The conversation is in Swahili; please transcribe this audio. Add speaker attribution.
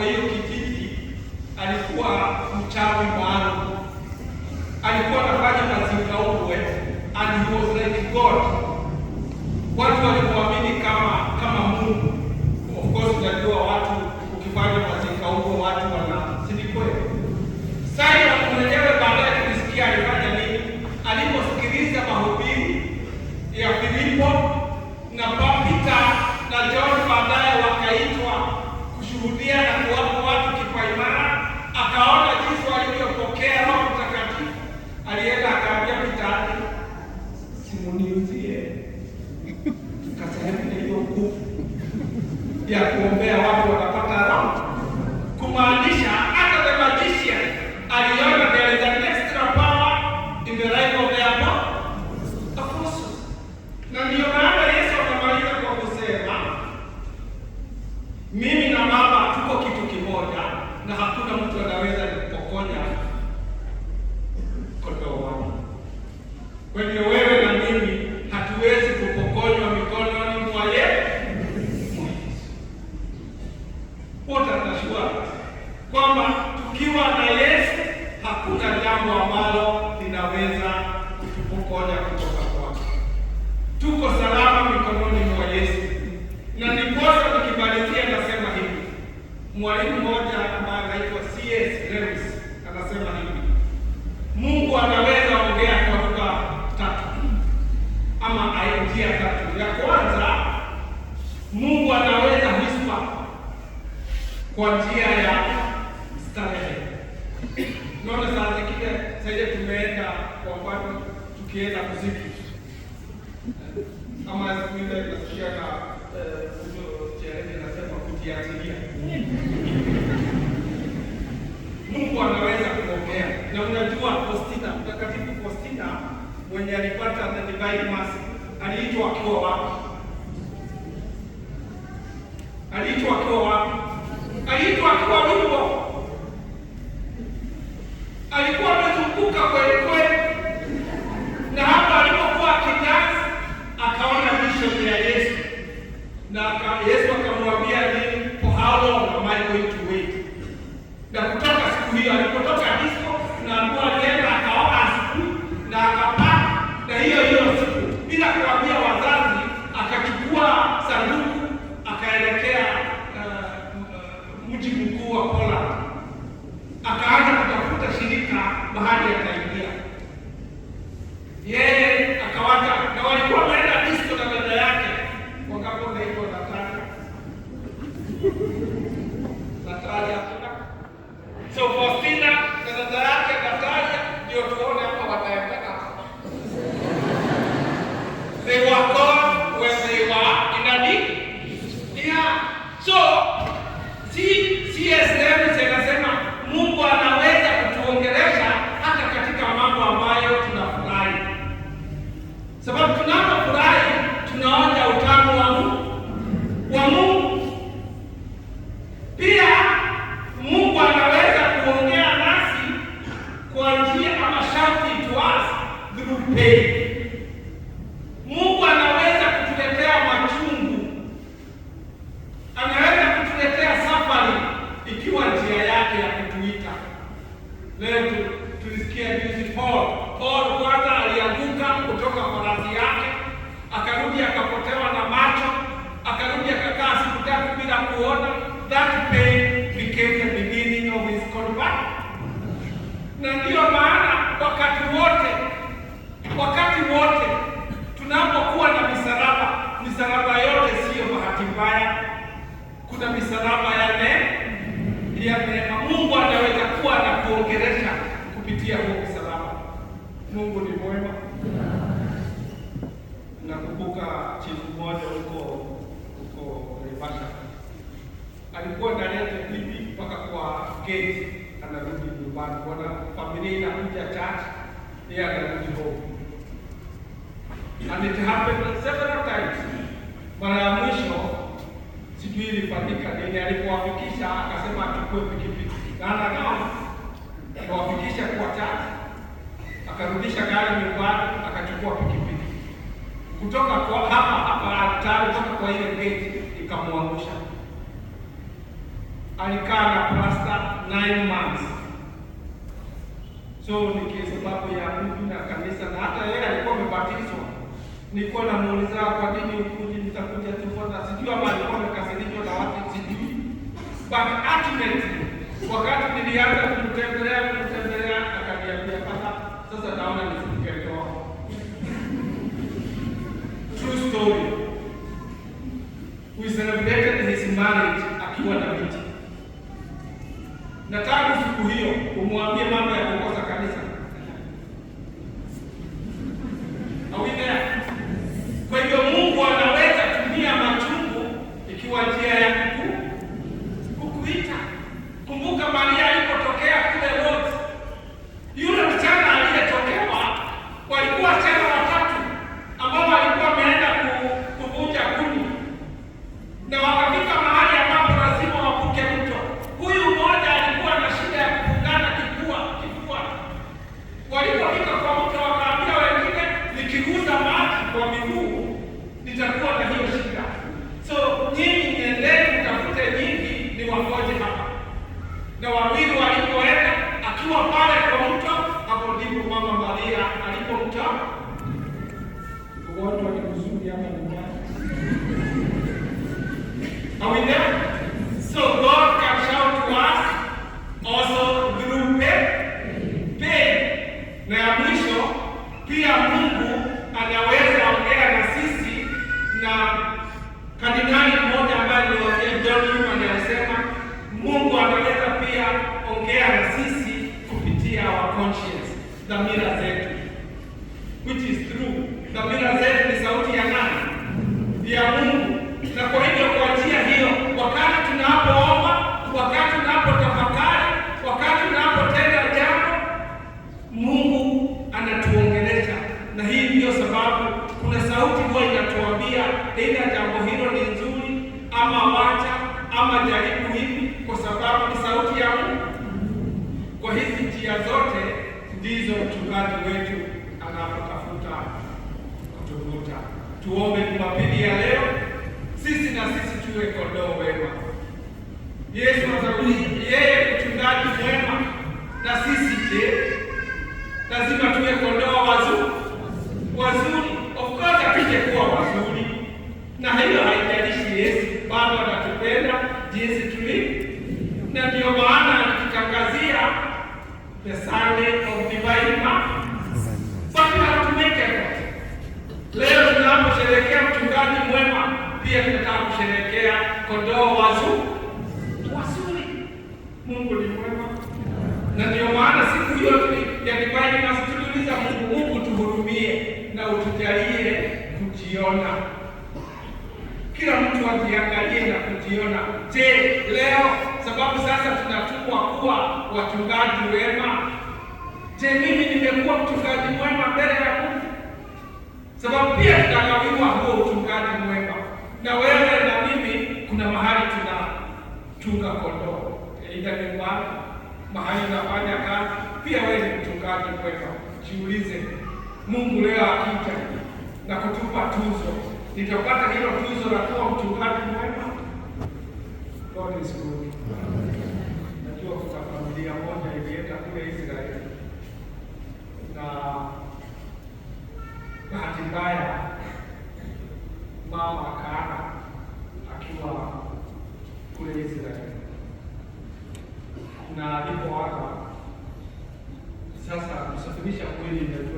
Speaker 1: Kwa hiyo kijiji alikuwa mchawi maalum, alikuwa anafanya kazi kaukwe, and he was like God. Watu walikuamini Mwalimu mmoja ambaye anaitwa C.S. Lewis anasema hivi, Mungu anaweza ongea kwa lugha tatu ama njia tatu. Ya kwanza, Mungu anaweza whisper kwa njia ya starehe. Naona saa zingine sasa tumeenda kwa watu tukienda kuziki ama siku ile tunasikia na sherehe eh, inasema kutiatilia Mungu ameweza kuongea. Na unajua Faustina, mtakatifu Faustina mwenye alipata the divine mercy aliitwa akiwa wapi? Aliitwa akiwa wapi? Aliitwa akiwa Lugo. Alikuwa amezunguka kweli kweli, na hapa alipokuwa Kinyazi akaona vision ya So far, salama ya nne ya neema. Mungu anaweza kuwa na kuongeresha kupitia huo msalaba. Mungu ni mwema. Nakumbuka chifu mmoja huko huko Revasha alikuwa analeta bibi mpaka kwa gate, anarudi nyumbani, bwana familia inakuja church, yeye anarudi home and it happened several times. Mara ya mwisho sijui ilifanyika nini, alikuwafikisha akasema achukue pikipiki na anagawa kuwafikisha kwa chache, akarudisha gari nyumbani, akachukua pikipiki kutoka kwa hapa hapa tayari kutoka kwa ile gate ikamwangusha. Alikaa na plasta nine months. So ni sababu ya Mungu na kanisa, na hata yeye alikuwa amebatizwa. Nilikuwa namuuliza kwa nini ukuji but ultimately wakati nilianza kumtembelea kumtembelea, akaniambia sasa naona ndoa. True story. We celebrated his marriage akiwa na siku hiyo umwambie mambo ya kukosa kanisa mchungaji wetu anapotafuta kutuvuta. Tuombe Jumapili ya leo, sisi na sisi tuwe kondoo wema. Yesu azauliza yeye mchungaji mwema, na sisi je? Lazima tuwe kondoo wazuri wazuri, of course atuje kuwa wazuri, na hiyo haijalishi Yesu bado anatupenda jinsi tulivyo, na ndio maana anatutangazia the Sunday kusherehekea mchungaji mwema, pia tunataka kusherehekea kondoo wazuri wazuri. Mungu ni mwema, na ndio maana siku hiyo ya divine tuliuliza Mungu, Mungu tuhurumie na utujalie kujiona, kila mtu ajiangalie na kujiona. Je, leo sababu sasa tunatumwa kuwa wachungaji wema, je, mimi nimekuwa mchungaji mwema mbele ya Mungu? sababu pia tunagawiwa huo uchungaji mwema, na wewe na mimi kuna mahali tunachunga kondoo, aidha nyumbani, mahali unafanya kazi. Pia wewe ni mchungaji mwema, jiulize, Mungu leo akija na kutupa tuzo, nitapata hilo tuzo la kuwa mchungaji mwema? God is good. Najua kuna familia moja ilienda kule Israeli na Ngaya mama Kaana akiwa kule Israeli na alipo hapa sasa kusafirisha kweli